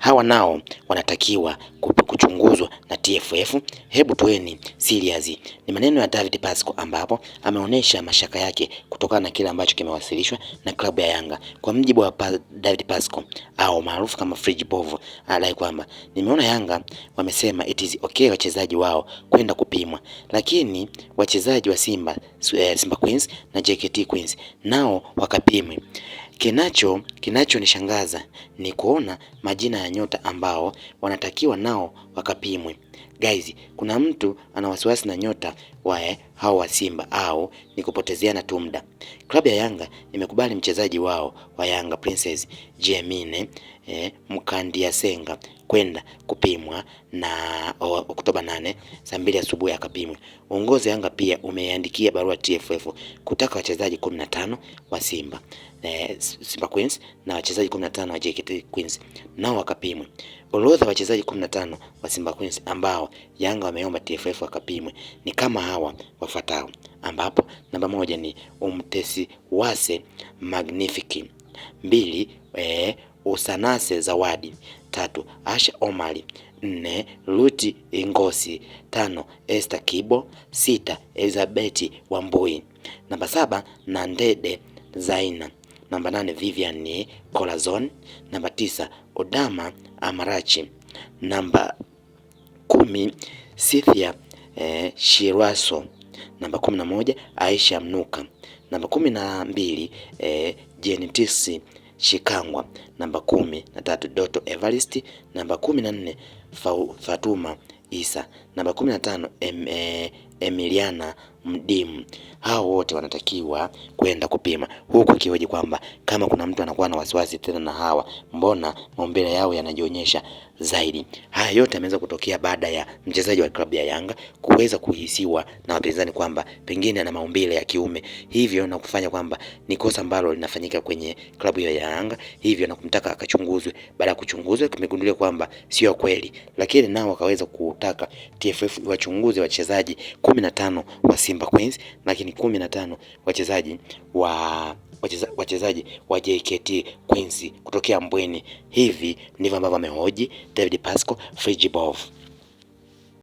hawa nao wanatakiwa kuchunguzwa na TFF. Hebu tueni serious. Ni maneno ya David Pasco ambapo ameonyesha mashaka yake kutokana na kile ambacho kimewasilishwa na klabu ya Yanga. Kwa mjibu wa David Pasco au maarufu kama Fridge Bovu, anadai kwamba nimeona Yanga wamesema it is okay wachezaji wao kwenda kupimwa, lakini wachezaji wa Simba Simba Queens na JKT Queens nao wakapimwe. Kinacho kinachonishangaza ni kuona majina ya nyota ambao wanatakiwa nao wakapimwe. Guys, kuna mtu ana wasiwasi na nyota wa eh, hao wa Simba au ni kupotezea na tumda Klabu ya Yanga imekubali mchezaji wao wa Yanga Princess Jemine eh, Mkandiasenga kwenda kupimwa na Oktoba 8 saa mbili asubuhi akapimwa. Uongozi Yanga pia umeandikia barua TFF kutaka wachezaji 15 wa Simba eh, Simba Queens na wachezaji 15 wa JKT Queens nao wakapimwe. Orodha wachezaji 15 wa Simba Queens ambao Yanga wameomba TFF wakapimwe ni kama hawa wafuatao, ambapo namba moja ni Umtesi Wase Magnifique, mbili e, Usanase Zawadi, tatu Asha Omari, nne Ruti Ingosi, tano Esther Kibo, sita Elizabeth Wambui, namba saba Nandede Zaina namba nane Vivian ni Corazon, namba tisa Odama Amarachi, namba kumi Cynthia eh, Shirwaso, namba kumi na moja Aisha Mnuka, namba kumi na mbili eh, Jenitisi Shikangwa, namba kumi na tatu Doto Evarist, namba kumi na nne Fatuma Isa, namba kumi na tano em, eh, Emiliana mdimu. Hao wote wanatakiwa kwenda kupima, huku ikiwaje kwamba kama kuna mtu anakuwa na wasiwasi tena na hawa, mbona maumbile yao yanajionyesha zaidi? Haya yote yameweza kutokea baada ya mchezaji wa klabu ya Yanga kuweza kuhisiwa na wapinzani kwamba pengine ana maumbile ya kiume, hivyo na kufanya kwamba ni kosa ambalo linafanyika kwenye klabu hiyo ya Yanga, hivyo na kumtaka akachunguzwe. Baada ya kuchunguzwa, kimegundulika kwamba sio kweli, lakini nao wakaweza kutaka TFF iwachunguze wachezaji kumi na tano wa Simba Queens, lakini kumi na tano wachezaji wa wachezaji wa JKT Queens kutokea Mbweni. Hivi ndivyo ambavyo amehoji David Pasco bov